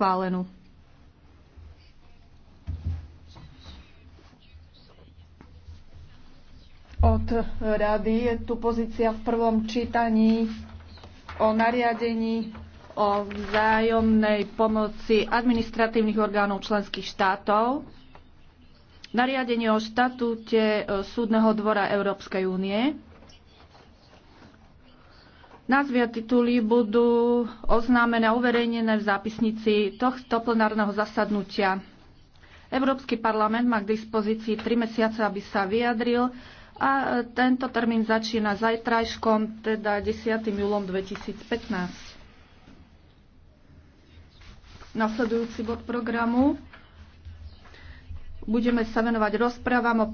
schválenú. Od rady je tu pozícia v prvom čítaní o nariadení o vzájomnej pomoci administratívnych orgánov členských štátov, nariadenie o štatúte e, Súdneho dvora Európskej únie, Názvy a tituly budú oznámené a uverejnené v zápisnici tohto plenárneho zasadnutia. Európsky parlament má k dispozícii 3 mesiace, aby sa vyjadril a e, tento termín začína zajtrajškom, teda 10. júlom 2015. Nasledujúci bod programu budeme sa venovať rozprávam o